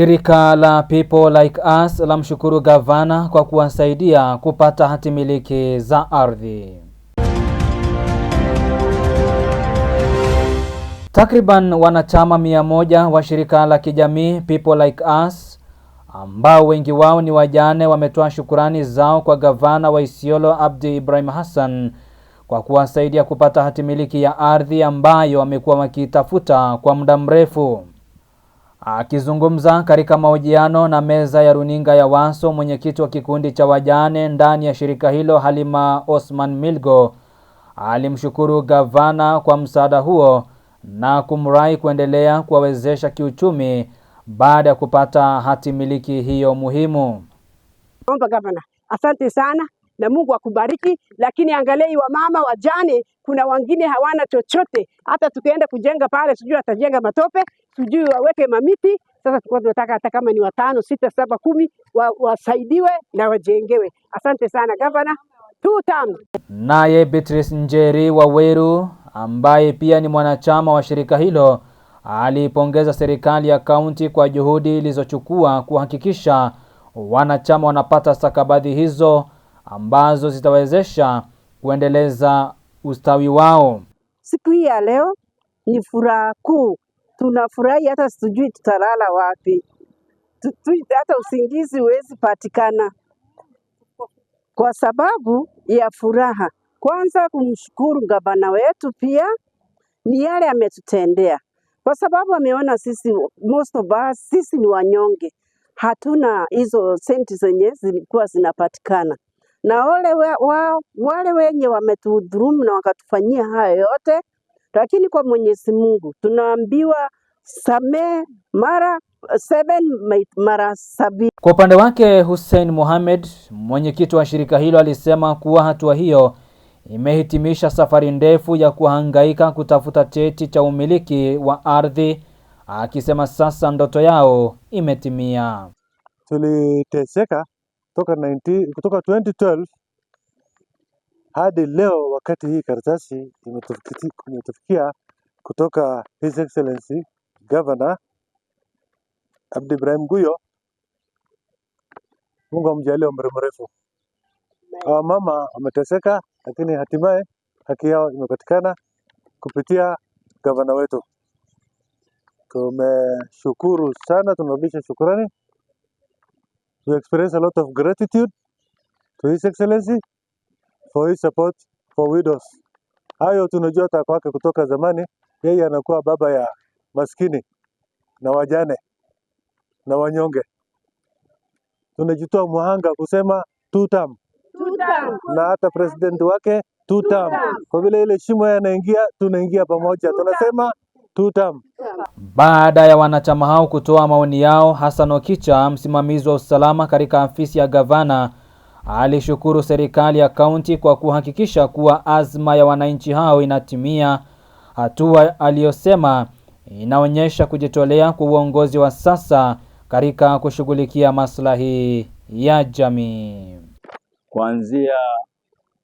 Shirika la People Like Us lamshukuru gavana kwa kuwasaidia kupata hati miliki za ardhi. Takriban wanachama mia moja wa shirika la kijamii People Like Us ambao wengi wao ni wajane wametoa shukurani zao kwa gavana wa Isiolo Abdi Ibrahim Hassan kwa kuwasaidia kupata hati miliki ya ardhi ambayo wamekuwa wakitafuta kwa muda mrefu. Akizungumza katika mahojiano na meza ya runinga ya Waso, mwenyekiti wa kikundi cha wajane ndani ya shirika hilo Halima Osman Milgo alimshukuru gavana kwa msaada huo na kumrai kuendelea kuwawezesha kiuchumi baada ya kupata hati miliki hiyo muhimu. naomba gavana, asante sana na Mungu akubariki, lakini angalia wa mama wajane, kuna wengine hawana chochote, hata tukienda kujenga pale sijui atajenga matope sijui waweke mamiti. Sasa tulikuwa tunataka hata kama ni watano, sita, saba, kumi wa, wasaidiwe na wajengewe. Asante sana gavana. Naye Beatrice Njeri Waweru ambaye pia ni mwanachama wa shirika hilo alipongeza serikali ya kaunti kwa juhudi ilizochukua kuhakikisha wanachama wanapata stakabadhi hizo ambazo zitawezesha kuendeleza ustawi wao. Siku hii ya leo ni furaha kuu tunafurahi, hata sijui tutalala wapi, hata usingizi huwezi patikana kwa sababu ya furaha. Kwanza kumshukuru gavana wetu, pia ni yale ametutendea, kwa sababu ameona sisi most of us, sisi ni wanyonge, hatuna hizo senti zenye zilikuwa zinapatikana na ole wao wale wenye wametudhulumu na wakatufanyia hayo yote lakini kwa Mwenyezi Mungu tunaambiwa samee mara seven, mara sabini. Kwa upande wake Hussein Mohamed, mwenyekiti wa shirika hilo, alisema kuwa hatua hiyo imehitimisha safari ndefu ya kuhangaika kutafuta cheti cha umiliki wa ardhi, akisema sasa ndoto yao imetimia. Tuliteseka kutoka 2012 hadi leo wakati hii karatasi imetufikia kutoka His Excellency Governor Abdi Ibrahim Guyo, Mungu amjalie umri mrefu. Hawa mama wameteseka, lakini hatimaye haki yao imepatikana kupitia gavana wetu. Tumeshukuru sana, tunarudisha shukurani. We experience a lot of gratitude to His Excellency for his support for widows. Hayo tunajua takwa yake kutoka zamani. Yeye anakuwa baba ya maskini na wajane na wanyonge. Tunajitoa muhanga kusema two term na hata president wake two term, kwa vile ile shimo yanaingia, tunaingia pamoja, tunasema tutam. Baada ya wanachama hao kutoa maoni yao, Hassan Okicha, msimamizi wa usalama katika afisi ya gavana alishukuru serikali ya kaunti kwa kuhakikisha kuwa azma ya wananchi hao inatimia, hatua aliyosema inaonyesha kujitolea kwa uongozi wa sasa katika kushughulikia maslahi ya jamii. Kuanzia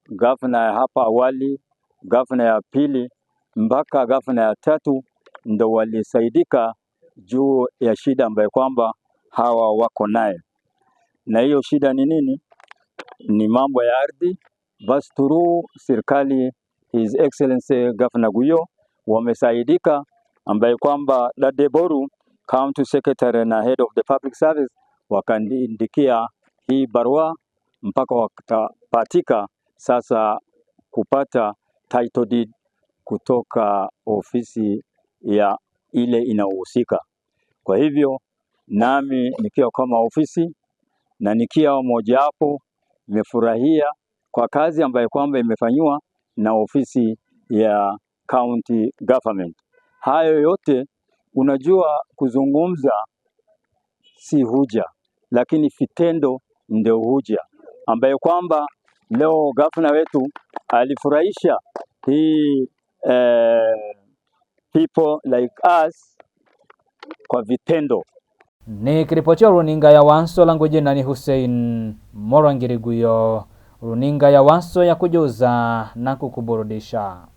gavana ya hapa awali, gavana ya pili mpaka gavana ya tatu ndo walisaidika juu ya shida ambayo kwamba hawa wako naye. Na hiyo shida ni nini? ni mambo ya ardhi, basi turu serikali His Excellency Governor Guyo wamesaidika, ambaye kwamba Dadeboru County Secretary na Head of the Public Service wakaandikia hii barua mpaka wakapatika sasa kupata title deed kutoka ofisi ya ile inayohusika. Kwa hivyo nami nikiwa kama ofisi na nikiwa mojawapo imefurahia kwa kazi ambayo kwamba imefanyiwa na ofisi ya county government. Hayo yote unajua, kuzungumza si huja, lakini vitendo ndio huja, ambayo kwamba leo gavana wetu alifurahisha hii eh, people like us kwa vitendo ni kiripotia runinga ya Wanso langu jina ni Hussein Morangiriguyo, runinga ya Wanso ya kujuza na kukuburudisha.